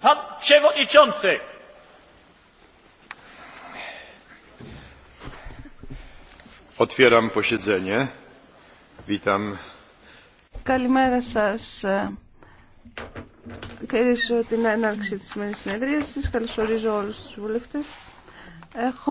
Pan Przewodniczący! Otwieram posiedzenie. Witam. Καλημέρα Κυρίσω την έναρξη της σημερινής καλωσορίζω όλους τους βουλευτές. Έχω